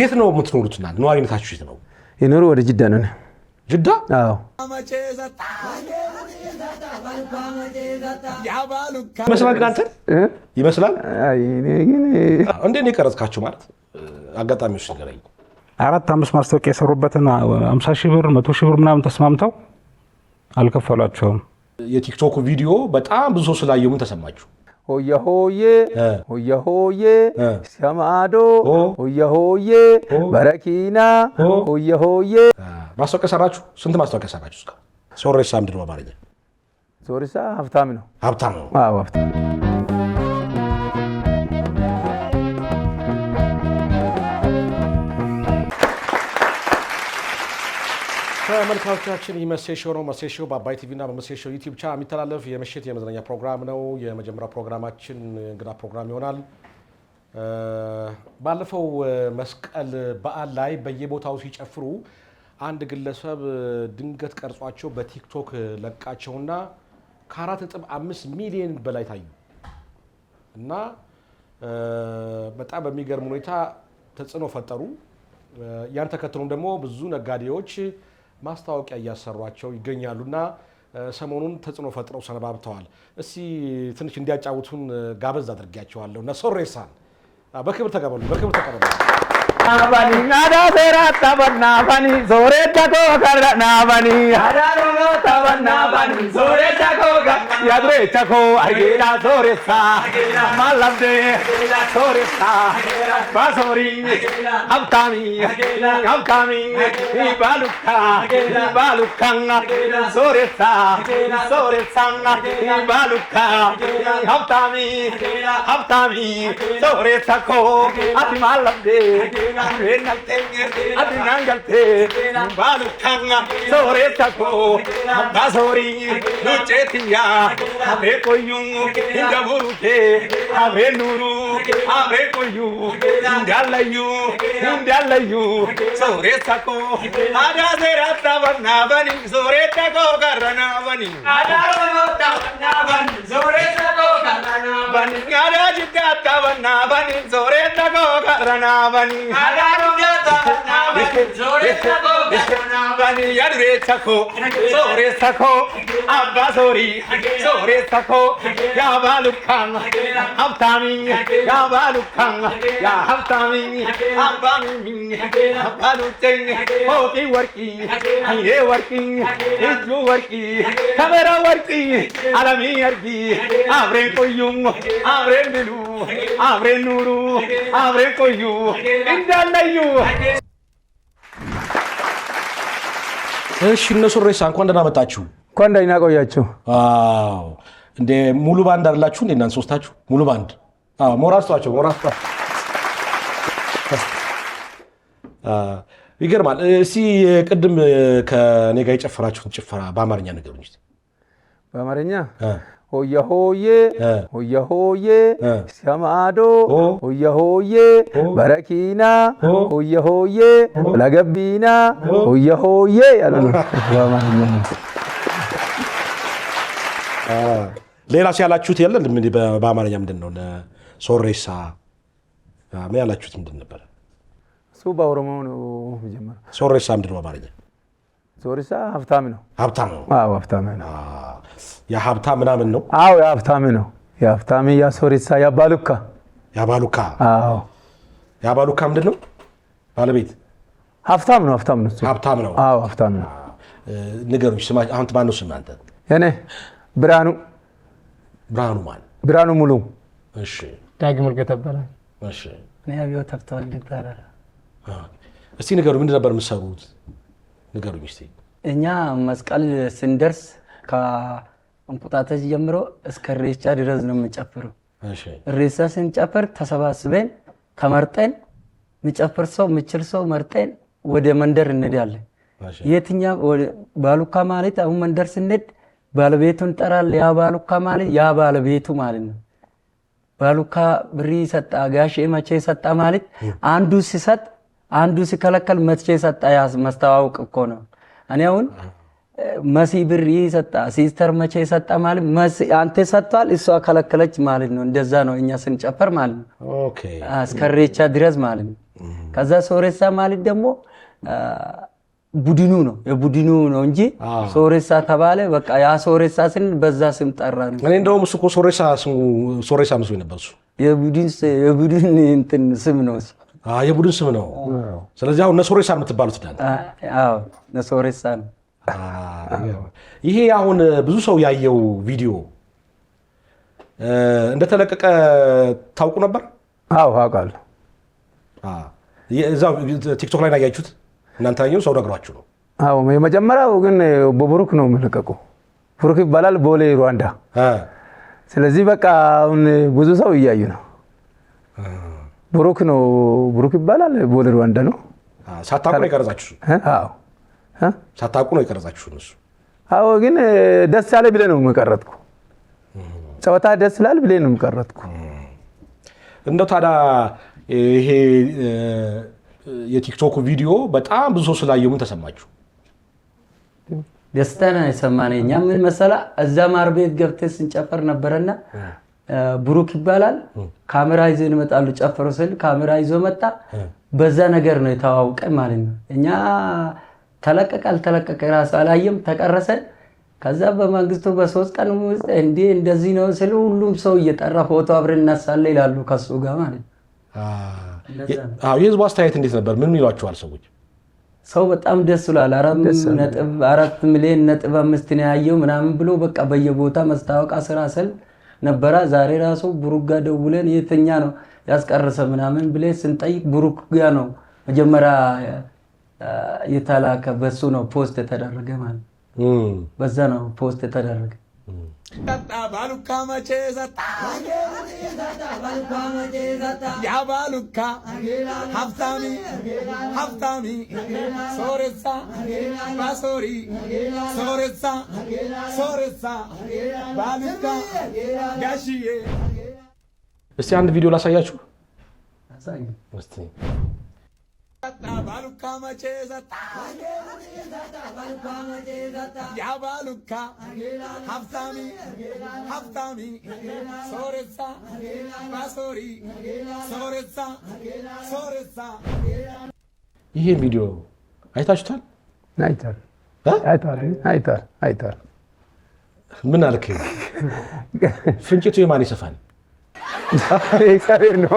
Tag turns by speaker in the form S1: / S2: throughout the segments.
S1: የት ነው የምትኖሩት? እና ነዋሪነታችሁ የት ነው?
S2: የኖሩ ወደ ጅዳ ነን።
S1: ጅዳ ይመስላል ግን አንተን ይመስላል። እንዴት ነው የቀረጽካችሁ? ማለት አጋጣሚዎች ንገረኝ።
S2: አራት አምስት ማስታወቂያ የሰሩበትን አምሳ ሺህ ብር መቶ ሺህ ብር ምናምን ተስማምተው አልከፈሏቸውም።
S1: የቲክቶክ ቪዲዮ በጣም ብዙ ሰው ስላየው ምን ተሰማችሁ?
S2: ሆየሆዬ ሆየሆዬ ሲያማዶ ሆየሆዬ በረኪና ሆየሆዬ
S1: ማስታወቂያ ሰራችሁ? ስንት ማስታወቂያ ሰራችሁ? እስካሁን ሶሬሳ ምንድን ነው? በአማርኛ
S2: ሶሬሳ ሀብታም ነው።
S1: ሀብታም ነው። ተመልካቾቻችን ይህ መሴ ሾው ነው። መሴ ሾው በአባይ ቲቪና በመሴ ሾው ዩቲዩብ ቻናል የሚተላለፍ የምሽት የመዝናኛ ፕሮግራም ነው። የመጀመሪያው ፕሮግራማችን እንግዳ ፕሮግራም ይሆናል። ባለፈው መስቀል በዓል ላይ በየቦታው ሲጨፍሩ አንድ ግለሰብ ድንገት ቀርጿቸው በቲክቶክ ለቃቸውና ከአራት ነጥብ አምስት ሚሊዮን በላይ ታዩ እና በጣም በሚገርም ሁኔታ ተጽዕኖ ፈጠሩ። ያን ተከትሎም ደግሞ ብዙ ነጋዴዎች ማስታወቂያ እያሰሯቸው ይገኛሉና ሰሞኑን ተጽዕኖ ፈጥረው ሰነባብተዋል። እስቲ ትንሽ እንዲያጫውቱን ጋበዝ አድርጊያቸዋለሁ ነሶሬሳን በክብር ተቀበሉ፣ በክብር ተቀበሉ።
S3: నావని నాదాసేరా తవన్నావని సోరే చకో కరణావని హరరో తవన్నావని సోరే చకో యాదరే చకో అగేరా సోరే సా మలబ్దే సోరే సా బాసోరి అవతామి అవతామి ఈ బాలుక్కా ఈ బాలుక్కంగ సోరే సా సోరే సంగ ఈ బాలుక్కా అవతామి అవతామి సోరే చకో అతి మలబ్దే நாங்கள் அது நாங்கள் சோரே தகோ சோரி சேத்தியா அவே கொய்யும் இந்த ஊருக்கே அவே நூறு அவே கொய்யும் இந்த அல்லையும் இந்த அல்லையும் சோரே தகோ ஆராதே ராத்தாவர்ணாவனி சோரே தகோ கரணாவனி சோரே தகோ கரணாவனி ஆராஜித்தாத்தவர்ணாவனி சோரே தகோ கரணாவனி I got a gun, now I'm gonna Daniel রে থাকো সোরে থাকো আব্বা সোরি সোরে থাকো ইয়া বালুক খান আফতামি ইয়া বালুক খান ইয়া আফতামি আফতামি বালুক চেন ও কি ওয়ার্কি আই রে ওয়ার্কি ইজু ওয়ার্কি খাবেরা ওয়ার্কি আলামি আরকি আবরে কোয়ুম আবরে মিলু আবরে নুরু আবরে কোয়ু ইন্দালাইয়ু
S1: እሺ እነሱ ሬሳ እንኳን ደህና መጣችሁ።
S2: እንኳን ደህና ቆያችሁ።
S1: እንደ ሙሉ ባንድ አላችሁ እንደ እናንተ ሶስታችሁ ሙሉ ባንድ። አዎ ሞራስቷቸው ሞራስቷ ይገርማል። እስቲ ቅድም ከኔ ጋር የጨፈራችሁን ጭፈራ በአማርኛ ንገሩኝ።
S2: በአማርኛ ሆያ ሆዬ ሆየ ሆዬ እስከማዶ ሆየ ሆዬ በረኪና ሆየ ሆዬ ለገቢና ሆያ ሆዬ ያሉ
S1: ሌላስ ያላችሁት ያለ በአማርኛ ምንድን ነው? ሶሬሳ ያላችሁት ምንድን ነበር
S2: እሱ በኦሮሞ ነው።
S1: ሶሬሳ ምንድን ነው በአማርኛ?
S2: ሶሪሳ ሀብታም ነው። ሀብታም ነው። ሀብታም ነው።
S1: ያ ሀብታ ምናምን ነው።
S2: አዎ ያ ሀብታም ነው። ያ ሀብታም ያ ሶሪሳ ያ ባሉካ ያ ባሉካ። አዎ
S1: ያ ባሉካ ምንድን ነው? ባለቤት
S2: ሀብታም ነው። ሀብታም ነው። ሀብታም ነው። አዎ ሀብታም ነው።
S1: ንገሩኝ ስማ፣ አሁን ነው ስም አንተ?
S2: እኔ ብርሃኑ። ብርሃኑ ማን? ብርሃኑ ሙሉ። እሺ። ዳግም እርገ ተበላል። እሺ። እኔ አብዮት ሀብተወልድ ይባላል።
S1: እስቲ ንገሩ ምንድን ነበር የምትሰሩት? ንገሩኝ እስኪ።
S2: እኛ መስቀል ስንደርስ ከእንቁጣጣሽ ጀምሮ እስከ ሬቻ ድረስ ነው የምንጨፍረው። ሬሳ ስንጨፍር ተሰባስበን ከመርጠን የሚጨፍር ሰው የሚችል ሰው መርጠን ወደ መንደር እንሄዳለን። የትኛ ባሉካ ማለት አሁን መንደር ስንሄድ ባለቤቱ እንጠራል። ያ ባሉካ ማለት ያ ባለቤቱ ማለት ነው። ባሉካ ብሪ ሰጣ ጋሽ መቼ ሰጣ ማለት አንዱ ሲሰጥ አንዱ ሲከለከል መትቼ ሰጣ መስተዋውቅ እኮ ነው። እኔ አሁን መሲ ብር ይህ ሰጣ ሲስተር መቼ ሰጣ ማለት መሲ አንተ ሰጥቷል እሷ ከለከለች ማለት ነው። እንደዛ ነው እኛ ስንጨፈር ማለት ነው። ኦኬ እስከሬቻ ድረስ ማለት ነው። ከዛ ሶሬሳ ማለት ደግሞ ቡድኑ ነው የቡድኑ ነው እንጂ ሶሬሳ ተባለ። በቃ ያ ሶሬሳ ስን በዛ ስም ጠራ
S1: ነው። እኔ እንደውም እሱ ሶሬሳ ሶሬሳ መስሎኝ ነበር። እሱ
S2: የቡድን እንትን ስም ነው እሱ
S1: የቡድን ስም ነው። ስለዚህ አሁን ነሶሬሳ የምትባሉት
S2: ነሶሬሳ ነው።
S1: ይሄ አሁን ብዙ ሰው ያየው ቪዲዮ እንደተለቀቀ ታውቁ ነበር? አዎ አውቃለሁ። እዛው ቲክቶክ ላይ ያያችሁት እናንተ ያየው ሰው ነግሯችሁ ነው?
S2: አዎ የመጀመሪያው ግን በብሩክ ነው የምለቀቁ። ብሩክ ይባላል፣ ቦሌ ሩዋንዳ። ስለዚህ በቃ አሁን ብዙ ሰው እያዩ ነው ብሩክ ነው ብሩክ ይባላል። በወለድ ዋንዳ ነው።
S1: ሳታቁ ነው የቀረጻችሁ? ሳታቁ ነው የቀረጻችሁ? እሱ
S2: አዎ። ግን ደስ ያለ ብለህ ነው የምቀረጥኩ። ጨዋታ ደስ ይላል ብለህ ነው የምቀረጥኩ።
S1: እንደው ታዲያ ይሄ የቲክቶክ ቪዲዮ በጣም ብዙ ሰው ስላየው ምን ተሰማችሁ?
S2: ደስታ ነው እኛ ምን መሰላ እዛ ማር ቤት ገብተን ስንጨፈር ነበረና ብሩክ ይባላል። ካሜራ ይዞ ይመጣሉ። ጨፈሩ ስል ካሜራ ይዞ መጣ። በዛ ነገር ነው የተዋውቀን ማለት ነው። እኛ ተለቀቀ አልተለቀቀ ራሱ አላየም፣ ተቀረሰ። ከዛ በመንግስቱ በሶስት ቀን ውስጥ እንዲ እንደዚህ ነው ስል ሁሉም ሰው እየጠራ ፎቶ አብረን እናሳለ ይላሉ ከሱ ጋር ማለት ነው።
S1: የህዝቡ አስተያየት እንዴት ነበር? ምን ይሏቸዋል ሰዎች?
S2: ሰው በጣም ደስ ብሏል። አራት ሚሊዮን ነጥብ አምስት ነው ያየው ምናምን ብሎ በቃ በየቦታ መስታወቅ አስራ ስል ነበራ። ዛሬ ራሱ ብሩክ ጋ ደውለን የተኛ ነው ያስቀረሰ ምናምን ብለን ስንጠይቅ ብሩክ ነው መጀመሪያ የተላከ። በሱ ነው ፖስት የተደረገ ማለት በዛ ነው ፖስት የተደረገ።
S3: ጠጣ ባሉካ መቼ ሰጣ ባሉካ ሀብታሚ ሀብታሚ ሶሬሳ ባሶሪ ሶሬሳ ሶሬሳ ባሉካ ጋሽዬ
S1: እስቲ አንድ ቪዲዮ ላሳያችሁ።
S3: ባሉካ መቼ ሀብታሚ ሀብታሚ ሶሬሳ ባሶሪ ሶሬሳ ሶሬሳ
S1: ይሄ ቪዲዮ አይታችሁታል?
S2: አይታል አይታል።
S1: ምን አልክ? ፍንጭቱ የማን ይሰፋል?
S2: እግዚአብሔር ነው።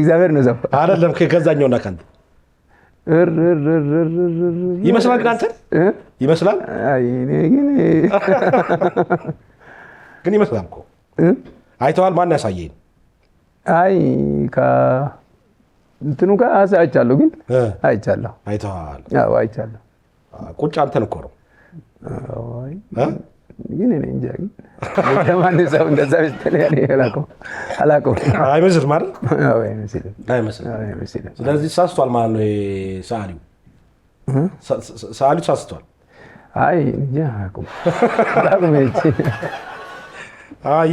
S2: እግዚአብሔር ነው ሰፋ
S1: አይደለም። ከገዛኛውና ከአንተ ይመስላል ግን አንተን ይመስላል ግን ይመስላል እኮ አይተዋል። ማን ያሳየኝ?
S2: አይ እንትኑ ጋር አይቻለሁ፣ ግን አይቻለሁ። አይተዋል? አይቻለሁ።
S1: ቁጭ አንተን እኮ ነው
S2: ግን እኔ እንጃ ግን ለማን ሰው እንደዛ አላውቀውም። አይመስልም አይደል? አይመስልም።
S1: ስለዚህ ሳስቷል ማለት ነው። ሰዓሊው ሰዓሊው ሳስቷል።
S2: አይ እንጃ አላውቀውም።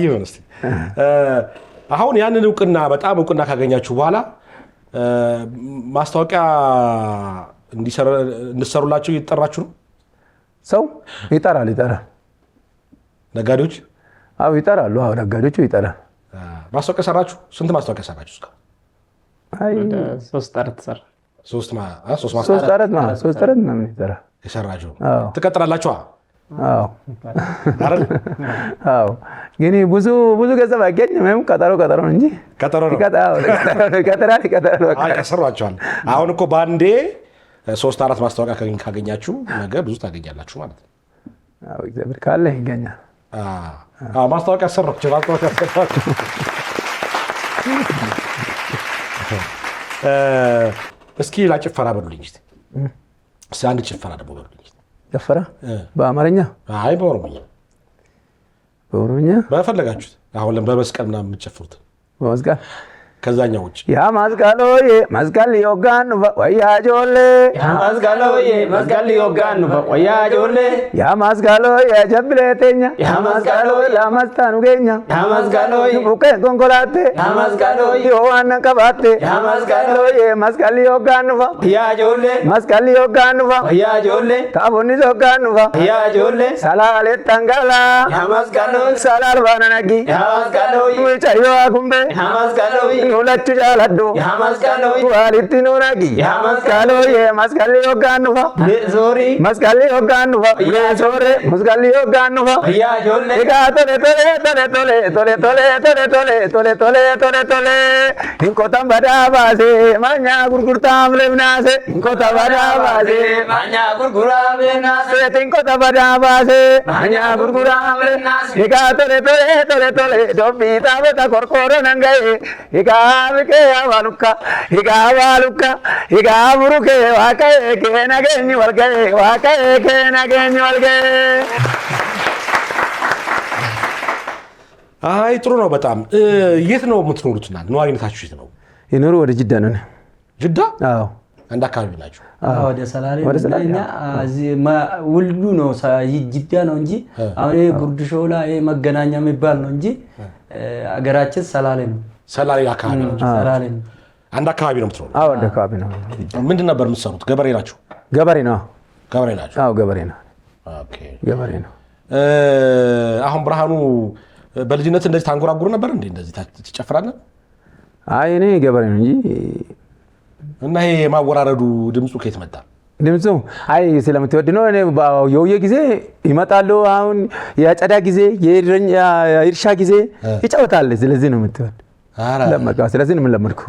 S1: ይሁን እስኪ አሁን ያንን እውቅና በጣም እውቅና ካገኛችሁ በኋላ ማስታወቂያ እንዲሰሩላችሁ እየተጠራችሁ ነው።
S2: ሰው ይጠራል ይጠራል ነጋዴዎች? አዎ ይጠራሉ። አዎ ነጋዴዎቹ ይጠራል።
S1: ማስታወቂያ ሰራችሁ? ስንት ማስታወቂያ ሰራችሁ?
S2: እስካሁን
S4: ሶስት ጠረት
S1: ሶስት
S2: ግን ብዙ ብዙ ገንዘብ አይገኝም። ወይም ቀጠሮ ቀጠሮ እንጂ
S1: ቀጠሯቸዋል። አሁን እኮ በአንዴ ሶስት አራት ማስታወቂያ ካገኛችሁ ነገ ብዙ ታገኛላችሁ ማለት ነው።
S2: እግዚአብሔር ካለ ይገኛል።
S1: ማስታወቂያ ያሰራችሁ ማስታወቂያ ያሰራችሁ እስኪ ላ ጭፈራ በሉልኝ እስኪ አንድ ጭፈራ ደግሞ በሉልኝ።
S2: ጭፈራ በአማርኛ? አይ በኦሮምኛ በኦሮምኛ
S1: በፈለጋችሁት። አሁን በመስቀል ምናምን የምትጨፍሩት በመስቀል ከዛኛው ውጭ
S2: ያ መስቀሎዬ መስቀል ሊወጋን ወያጆሌ ያ ያ መስቀል
S3: ያ ያ
S2: ሁለት ጃላዶ ዋሊቲ ኑናጊ
S3: መስቀሎ መስቀል ወጋኑፋ
S2: መስቀል ወጋኑፋ ሶሬ መስቀል ወጋኑፋ ጋ ቶሌ ቶሌ ቶሌ ቶሌ ቶሌ ቶሌ ቶሌ ቶሌ ቶሌ ቶሌ ቶሌ ቶሌ እንኮታም በዳባሴ ማኛ ጉርጉርታም ለምናሴ እንኮታ በዳባሴ
S3: ማኛ ጉርጉራም ለምናሴ
S2: እንኮታ በዳባሴ
S3: ማኛ ጉርጉራም ለምናሴ
S2: ጋ ቶሌ ቶሌ ቶሌ ቶሌ ዶቢ ታበታ ኮርኮሮ ነንገይ ጋ ಕೆ
S1: አይ ጥሩ ነው በጣም የት ነው የምትኖሩት ና ነዋሪነታችሁ የት ነው
S2: የኖሩ ወደ ጅዳ ነን ጅዳ አዎ
S1: አንድ አካባቢ ናቸው
S2: ወደ ነው ጅዳ ነው እንጂ አሁን ጉርድ ሾላ መገናኛ የሚባል ነው እንጂ አገራችን ሰላሌ ነው
S1: ሰላሌ አካባቢ አንድ አካባቢ ነው የምትኖሩ?
S2: አዎ አንድ አካባቢ ነው።
S1: ምንድን ነበር የምትሰሩት? ገበሬ ናችሁ? ገበሬ ነው። ገበሬ ናችሁ? አዎ ገበሬ ነው። ኦኬ ገበሬ ነው። አሁን ብርሃኑ በልጅነት እንደዚህ ታንጎራጉር ነበር እንዴ? እንደዚህ ትጨፍራለህ?
S2: አይ እኔ ገበሬ ነው እንጂ
S1: እና ይሄ የማወራረዱ ድምፁ ከየት መጣ?
S2: ድምፁ አይ ስለምትወድ ነው። እኔ የውየ ጊዜ ይመጣሉ። አሁን የአጨዳ ጊዜ፣ የእርሻ ጊዜ ይጫወታል። ስለዚህ ነው የምትወድ ለመቀ ስለዚህ ምን ለመድኩ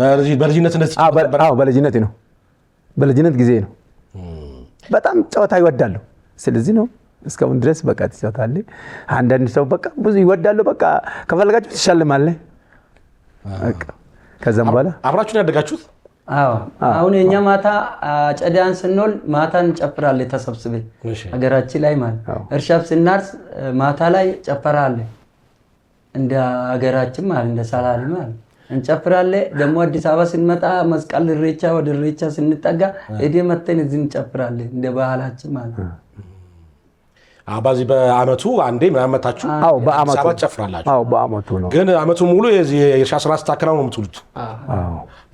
S2: በልጅነት ነው በልጅነት ጊዜ ነው። በጣም ጨዋታ ይወዳሉ ስለዚህ ነው እስካሁን ድረስ በቃ ትጫወታለህ። አንዳንድ ሰው በቃ ብዙ ይወዳሉ። በቃ ከፈለጋችሁ ትሻልማለ። ከዛም በኋላ
S1: አብራችሁን ያደጋችሁት?
S2: አዎ። አሁን የእኛ ማታ አጨዳን ስንል ማታ እንጨፍራለን ተሰብስበን ሀገራችን ላይ ማለት እርሻብ ስናርስ ማታ ላይ ጨፈራለ። እንደ ሀገራችን ማለት እንደ ሰላሌ ማለት እንጨፍራለን። ደግሞ አዲስ አበባ ስንመጣ መስቀል ሬቻ ወደ ሬቻ ስንጠጋ እዴ መተን እዚህ እንጨፍራለን እንደ ባህላችን ማለት ነው።
S1: በዚህ በአመቱ አንዴ ምናመታችሁ ትጨፍራላችሁ። በአመቱ ነው ግን አመቱ ሙሉ የእርሻ ስራ ስታከናውኑ ነው የምትውሉት።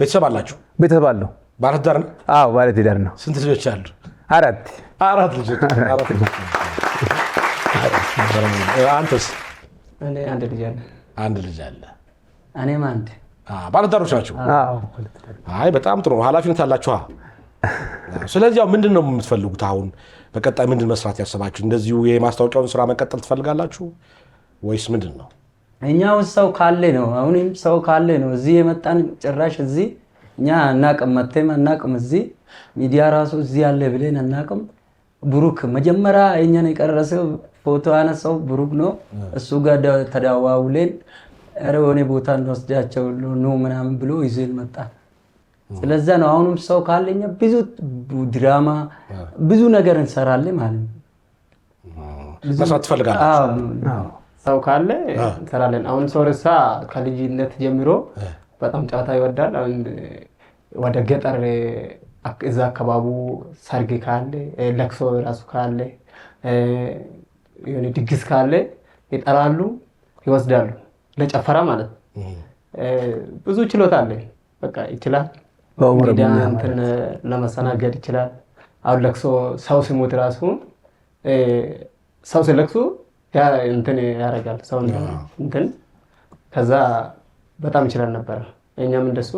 S1: ቤተሰብ አላችሁ? ቤተሰብ አለው። ባለ ትዳር ነው? ባለ ነው። ስንት ልጆች አሉ? አራት። አራት ልጆች። አንተስ? አንድ ልጅ አለ። አንድ ልጅ አለ። እኔም አንድ ባለትዳሮች ናቸው። አይ በጣም ጥሩ ኃላፊነት አላችኋ። ስለዚህ ያው ምንድን ነው የምትፈልጉት? አሁን በቀጣይ ምንድን መስራት ያሰባችሁ? እንደዚሁ የማስታወቂያውን ስራ መቀጠል ትፈልጋላችሁ ወይስ ምንድን ነው?
S2: እኛ ሰው ካለ ነው አሁንም ሰው ካለ ነው እዚህ የመጣን ጭራሽ እዚህ እኛ አናቅም፣ መተም አናቅም። እዚህ ሚዲያ ራሱ እዚህ ያለ ብለን አናቅም። ብሩክ መጀመሪያ የኛን የቀረሰው ፎቶ ያነሳው ብሩክ ነው። እሱ ጋር ተደዋውለን ኧረ የሆነ ቦታ እንወስዳቸው ኑ ምናምን ብሎ ይዞን መጣ። ስለዛ ነው አሁንም ሰው ካለኛ ብዙ ድራማ ብዙ ነገር እንሰራለን ማለት ነው። መስራት ትፈልጋለህ? ሰው ካለ እንሰራለን። አሁን ሰው ርሳ ከልጅነት ጀምሮ በጣም ጨዋታ ይወዳል። ወደ ገጠር እዛ አካባቡ ሰርግ ካለ፣ ለቅሶ ራሱ ካለ፣ የሆነ ድግስ ካለ ይጠራሉ፣ ይወስዳሉ። ለጨፈራ ማለት ነው። ብዙ ችሎታ አለ። በቃ ይችላል፣ እንትን ለመሰናገድ ይችላል። አሁን ለቅሶ ሰው ሲሞት ራሱ ሰው ሲለቅሱ እንትን ያደርጋል ሰው እንትን ከዛ በጣም ይችላል ነበረ። እኛም እንደሱ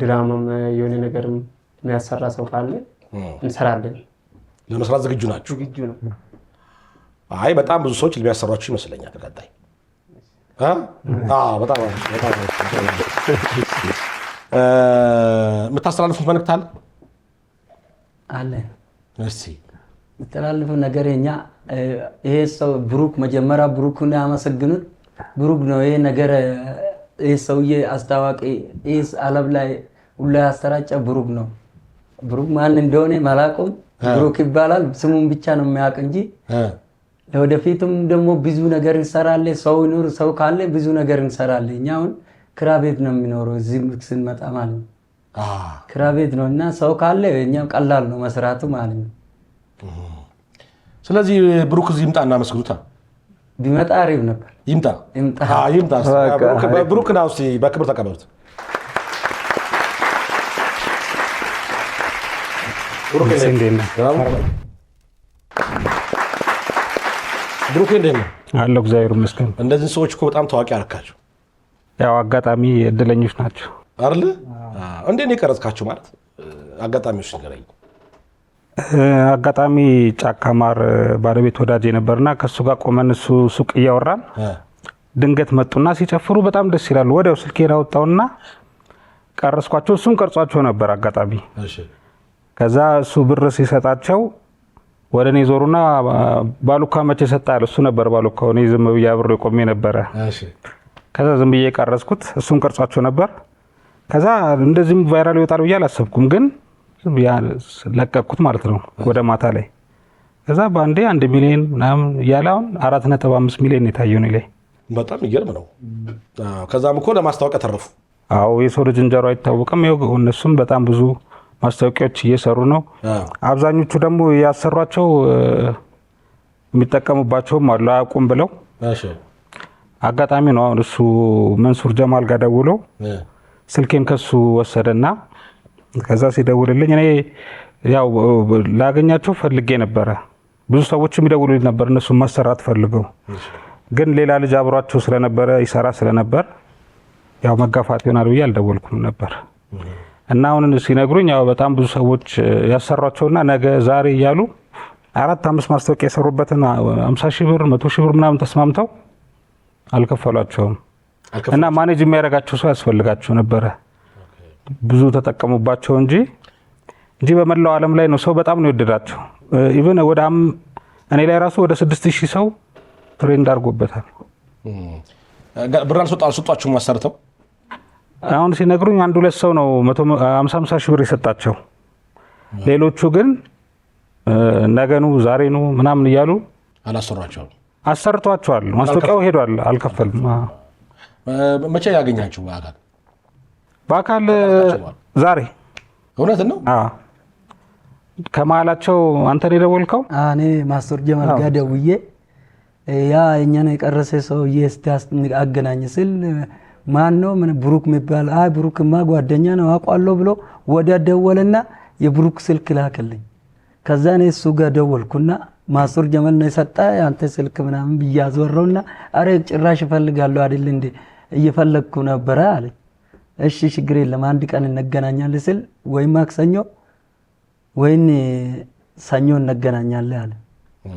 S2: ድራማም የሆነ ነገርም የሚያሰራ ሰው ካለ እንሰራለን።
S1: ለመስራት ዝግጁ ናቸው። ዝግጁ ነው። አይ በጣም ብዙ ሰዎች የሚያሰሯችሁ ይመስለኛል። ቀጣይ የምታስተላልፉት መልዕክት አለ አለ? እስኪ
S2: የምታስተላልፈው ነገር እኛ ይሄ ሰው ብሩክ መጀመሪያ ብሩክ ያመሰግኑት። ብሩክ ነው ይሄ ነገር ይህ ሰውዬ አስታዋቂ፣ ይህ አለም ላይ ሁላ አሰራጫ ብሩክ ነው። ብሩክ ማን እንደሆነ አላውቀውም። ብሩክ ይባላል። ስሙን ብቻ ነው የሚያውቅ እንጂ ለወደፊትም ደግሞ ብዙ ነገር እንሰራለ። ሰው ይኑር፣ ሰው ካለ ብዙ ነገር እንሰራለን። እኛ አሁን ክራ ቤት ነው የሚኖረው እዚህ ስንመጣ ማለት ነው። ክራ ቤት ነው እና ሰው ካለ እኛም ቀላል ነው መስራቱ ማለት ነው።
S1: ስለዚህ ብሩክ እዚህ ይምጣ እናመስግኑታ።
S2: ቢመጣ አሪፍ ነበር። ይምጣ ይምጣ።
S1: በክብር ተቀበሉት። ብሩክ እንዴት ነው
S2: አለው? እግዚአብሔር ይመስገን።
S1: ሰዎች እኮ በጣም ታዋቂ አደረካቸው።
S2: ያው አጋጣሚ እድለኞች ናቸው
S1: አይደል? እንዴት ነው የቀረጽካቸው? ማለት አጋጣሚዎች ንገረኝ።
S2: አጋጣሚ ጫካ ማር ባለቤት ወዳጅ የነበርና ከእሱ ጋር ቆመን እሱ ሱቅ እያወራን ድንገት መጡና ሲጨፍሩ በጣም ደስ ይላሉ። ወዲያው ስልኬን አወጣውና ቀረስኳቸው። እሱም ቀርጿቸው ነበር አጋጣሚ። ከዛ እሱ ብር ሲሰጣቸው ወደ እኔ ዞሩና ባሉካ መቼ ሰጣል? እሱ ነበር ባሉካ። እኔ ዝም ብዬ አብሬ ቆሜ ነበረ። ከዛ ዝም ብዬ ቀረስኩት። እሱም ቀርጿቸው ነበር። ከዛ እንደዚህም ቫይራል ይወጣል ብዬ አላሰብኩም ግን ለቀኩት ማለት ነው ወደ ማታ ላይ ከዛ በአንዴ አንድ ሚሊዮን ምናምን እያለ አሁን አራት ነጥብ አምስት ሚሊዮን የታየው እኔ ላይ
S1: በጣም ይገርም ነው። ከዛም እኮ ለማስታወቂያ ተረፉ።
S2: አዎ የሰው ልጅ እንጀሮ አይታወቅም። ይኸው እነሱም በጣም ብዙ ማስታወቂያዎች እየሰሩ ነው። አብዛኞቹ ደግሞ ያሰሯቸው የሚጠቀሙባቸውም አሉ አያውቁም ብለው አጋጣሚ ነው። አሁን እሱ መንሱር ጀማል ጋር ደውሎ ስልኬን ከሱ ወሰደና ከዛ ሲደውልልኝ እኔ ያው ላገኛቸው ፈልጌ ነበረ። ብዙ ሰዎች የሚደውሉልኝ ነበር፣ እነሱ ማሰራት ፈልገው ግን ሌላ ልጅ አብሯቸው ስለነበረ ይሰራ ስለነበር ያው መጋፋት ይሆናል ብዬ አልደወልኩም ነበር። እና አሁን ሲነግሩኝ ያው በጣም ብዙ ሰዎች ያሰሯቸውና ነገ ዛሬ እያሉ አራት አምስት ማስታወቂያ የሰሩበትን አምሳ ሺህ ብር መቶ ሺህ ብር ምናምን ተስማምተው አልከፈሏቸውም። እና ማኔጅ የሚያደርጋቸው ሰው ያስፈልጋቸው ነበረ ብዙ ተጠቀሙባቸው እንጂ እንጂ በመላው ዓለም ላይ ነው ሰው በጣም ነው የወደዳቸው። ኢቨን ወደ እኔ ላይ ራሱ ወደ ስድስት ሺህ ሰው ትሬንድ አድርጎበታል።
S1: ብር አልሰጧችሁም አሰርተው
S2: አሁን ሲነግሩኝ አንድ ሁለት ሰው ነው ሀምሳ ሀምሳ ሺህ ብር የሰጣቸው። ሌሎቹ ግን ነገኑ ዛሬኑ ምናምን እያሉ አላሰሯቸዋል። አሰርቷቸዋል። ማስታወቂያው ሄዷል። አልከፈልም።
S1: መቼ ያገኛችሁ
S2: በአካል ዛሬ እውነት ነው። ከመሀላቸው አንተ ነው የደወልከው? እኔ ማስተር ጀማል ጋር ደውዬ ያ እኛን የቀረሰ ሰውዬ እስቲ አገናኝ ስል ማን ነው ምን ብሩክ የሚባል አይ ብሩክማ ጓደኛ ነው አውቃለሁ ብሎ ወደ ደወለና የብሩክ ስልክ ላከልኝ። ከዛ እኔ እሱ ጋር ደወልኩና ማሱር ጀመል ነው የሰጠ አንተ ስልክ ምናምን ብዬ አዞረውና አረ ጭራሽ እፈልጋለሁ አይደል እንዴ እየፈለግኩ ነበረ አለኝ። እሺ ችግር የለም አንድ ቀን እንገናኛለን ስል ወይ ማክሰኞ ወይን ሰኞ እንገናኛለን አለ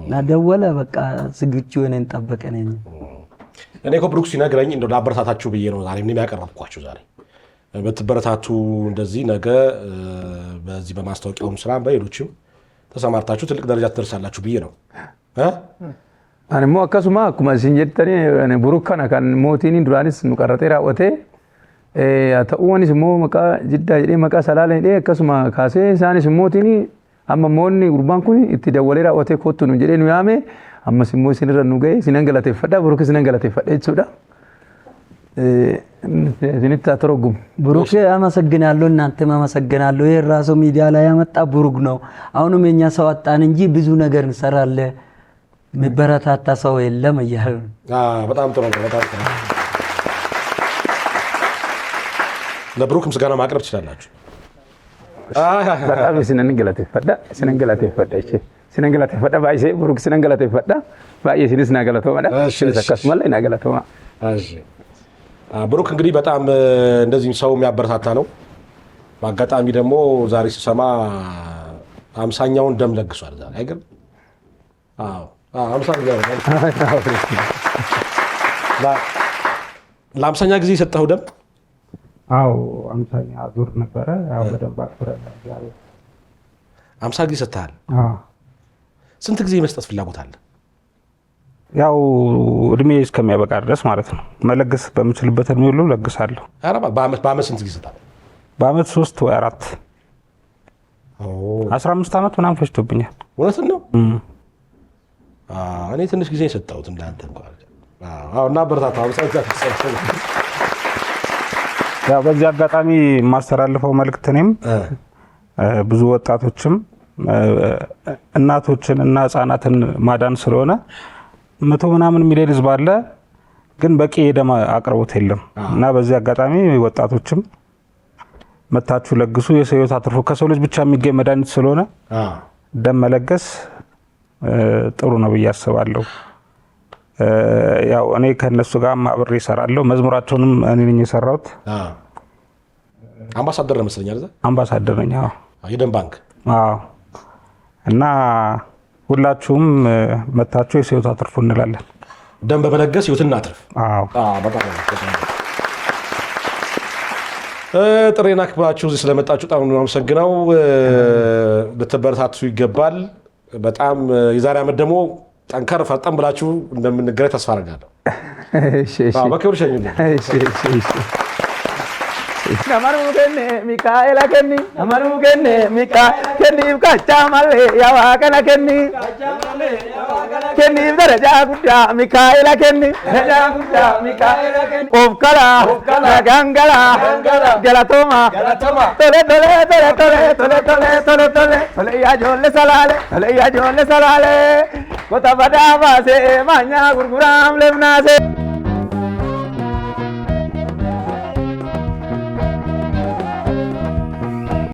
S2: እና ደወለ። በቃ ዝግጁ ነን ጠበቀን።
S1: እኔ እኮ ብሩክ ሲነግረኝ እንደው ላበረታታችሁ ብዬ ነው ዛሬ ምንም ያቀረብኳችሁ። ዛሬ ብትበረታቱ እንደዚህ ነገ በዚህ በማስታወቂያውም ስራ በሌሎችም ተሰማርታችሁ ትልቅ ደረጃ ትደርሳላችሁ ብዬ ነው።
S2: አኒሞ አከሱማ አኩማ ሲንጀተኒ ቡሩካና ካን ሞቲኒ ዱራኒስ ኑቀረጤ ራወቴ ta'uunis immoo maqaa jiddaa jedhee maqaa salaalee jedhee akkasuma kaasee isaanis immootiin amma moonni gurbaan kun itti dawwalee raawwatee kottu nu jedhee nu yaame ammas immoo isinirra nu ga'e isinan galateeffadha buruk isinan galateeffadha jechuudha. ስንት አትረጉም ብሩክ አመሰግናለሁ፣ እናንተም አመሰግናለሁ። ይህ ራሱ ሚዲያ ላይ ያመጣ ብሩክ ነው። አሁንም የኛ ሰው አጣን እንጂ ብዙ ነገር እንሰራለን። የሚበረታታ ሰው የለም እያሉ
S1: በጣም ጥሩ ለብሩክ ምስጋና ማቅረብ ትችላላችሁ።
S2: በጣም ስነንገላት ፈዳ ስነንገላት ፈዳ እሺ ስነንገላት ፈዳ ባይሴ ብሩክ ስነንገላት ፈዳ ባይ ሲንስ ናገላቶ ማዳ ሲንሰካስ ማለት ናገላቶ ማ እሺ
S1: ብሩክ እንግዲህ በጣም እንደዚህ ሰው የሚያበረታታ ነው። በአጋጣሚ ደግሞ ዛሬ ስሰማ አምሳኛውን ደም ለግሷል። ዛሬ አይገርም? አዎ ለአምሳኛ ጊዜ የሰጠው ደም
S2: አዎ አምሳኛ ዙር ነበረ። በደንብ አክብረ
S1: አምሳ ጊዜ ሰጥተሃል። ስንት ጊዜ መስጠት ፍላጎት አለ?
S2: ያው እድሜ እስከሚያበቃ ድረስ ማለት ነው። መለገስ በምችልበት እድሜ ሁሉ ለግሳለሁ።
S1: በአመት ስንት ጊዜ ሰጣል?
S2: በአመት ሶስት ወይ አራት። አስራ አምስት ዓመት ምናምን ፈጅቶብኛል።
S1: እውነትን ነው። እኔ ትንሽ ጊዜ የሰጠሁት እንዳንተ እንኳ እና በርታታ
S2: ያው በዚህ አጋጣሚ የማስተላልፈው መልእክት እኔም ብዙ ወጣቶችም እናቶችን እና ህጻናትን ማዳን ስለሆነ መቶ ምናምን ሚሊዮን ህዝብ አለ፣ ግን በቂ የደም አቅርቦት የለም እና በዚህ አጋጣሚ ወጣቶችም መታችሁ ለግሱ፣ የሰው ህይወት ከሰው ልጅ ብቻ የሚገኝ መድኃኒት ስለሆነ ደም መለገስ ጥሩ ነው ብዬ አስባለሁ። ያው እኔ ከነሱ ጋር አብሬ እሰራለሁ። መዝሙራቸውንም እኔ ነኝ የሰራሁት።
S1: አምባሳደር ነው መሰለኝ አይደል?
S2: አምባሳደር ነኝ። አዎ፣
S1: የደም ባንክ። አዎ።
S2: እና ሁላችሁም መታችሁ የሰው አትርፉ እንላለን።
S1: ደም በመለገስ ህይወትን እናትርፍ። አዎ፣ በጣም ጥሬን አክብራችሁ እዚህ ስለመጣችሁ በጣም አመሰግናለሁ። ልትበረታቱ ይገባል። በጣም የዛሬ ዓመት ደግሞ ጠንከር ፈጠን ብላችሁ እንደምንገናኝ ተስፋ
S2: አደርጋለሁ። በክብር ሸኙልኝ። నమరుకెన్నే మీ కాయలకెన్ని నమరుకెన్నే మీ కాయకెన్ని కచ్చామల్లే యవాకనకెన్ని కెన్ని దరజాగుట్ట మీ కాయలకెన్ని ఒక్కల గంగల జలతోమ తొలె తొలె తొలె తొలె తొలె తొలె తొలె తొలె తొలయ్యా జోల్లె సలాలే తొలయ్యా జోల్లె సలాలే కొత్త బదావాసే మన్యా గురుగురాం లెమ్నాసే